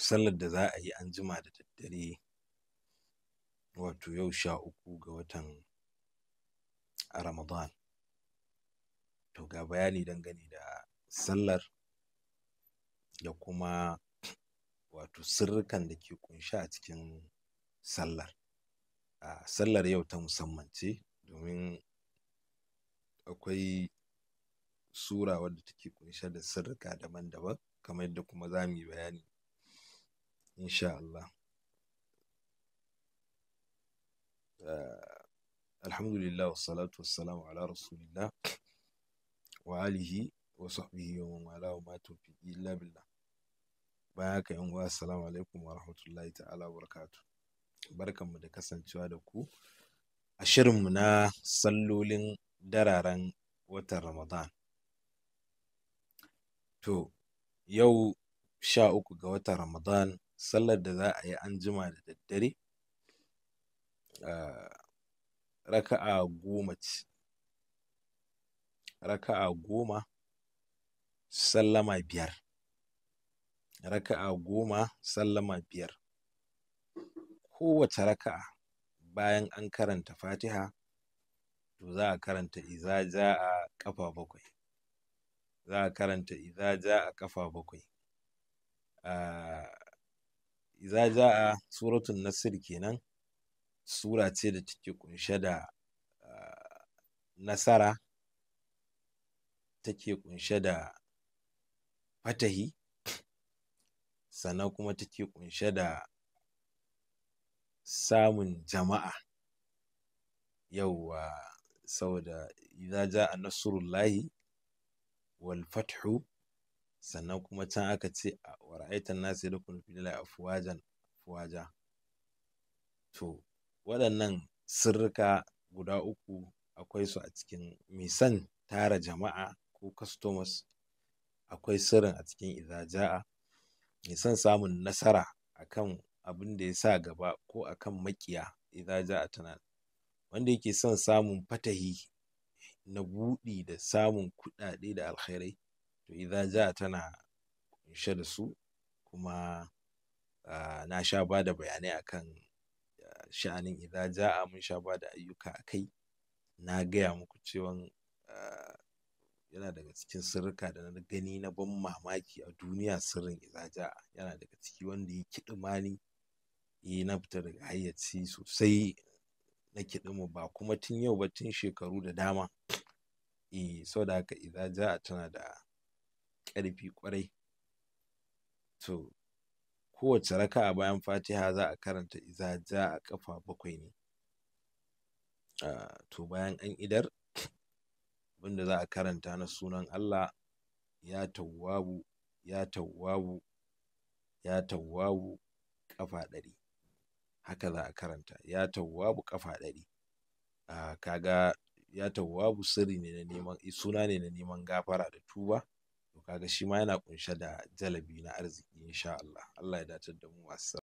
sallar da za a yi an jima da daddare wato yau sha uku ga watan ramadan to ga bayani dangane da sallar da kuma wato sirrikan da ke kunshi a cikin sallar a sallar yau ta musamman ce domin akwai sura wadda take kunshe da sirrika daban-daban kamar yadda kuma za mu yi bayani insha Allah eh, alhamdulillah wassalatu wassalamu ala rasulillah wa alihi wa sahbihi wa man wa ma tawfiqi illa billah bayan haka yan uwa assalamu alaikum wa rahmatullahi ta'ala wa barakatuh barkanmu da kasancewa da ku a shirin mu na sallolin dararen watan Ramadan to yau sha uku ga watan Ramadan sallar da za a yi anjima da daddare ah, raka'a goma ce raka'a goma sallama biyar raka'a goma sallama biyar kowace raka'a bayan an karanta fatiha to za a karanta iza ja a ƙafa bakwai za a karanta iza ja a ƙafa bakwai ah, iza a suratun nasr kenan sura ce da take kunshe da nasara take kunshe da fatahi sannan kuma take kunshe da samun jama'a yauwa saboda idza a nasrullahi wal fathu sannan kuma can aka ce wa ra'aitan nasu yadkhulu fi a afwajan fuwaja? to waɗannan sirrika guda uku akwai su a cikin misan tara jama'a ko customers akwai sirrin a cikin izaja'a san samun nasara akan abin da ya sa gaba ko akan makiya izaja'a tana wanda yake son samun fatahi na buɗi da samun kuɗaɗe da alkhairai to idza tana kunshe da su kuma na sha ba da bayanai akan sha'anin idza ja'a mun sha ba da ayyuka a kai na gaya muku cewan yana daga cikin sirrika da na gani na ban mamaki a duniya sirrin idza yana daga ciki wanda ya kiɗimani eh na fita daga hayyaci sosai na kiɗima ba kuma tun yau ba tun shekaru da dama eh saboda haka idza tana da ƙarfi ƙwarai to kowace raka a bayan fatiha za a karanta iza ja a ƙafa bakwai ne to bayan an idar abinda za a karanta na sunan Allah ya tawwabu ya tawwabu ya tawwabu ƙafa ɗari haka za a karanta ya tawwabu ƙafa ɗari kaga ya tawwabu sirri ne na neman suna ne na neman gafara da tuba kaga shi ma yana kunshe da jalabi na arziki insha Allah Allah ya dace da mu wasa.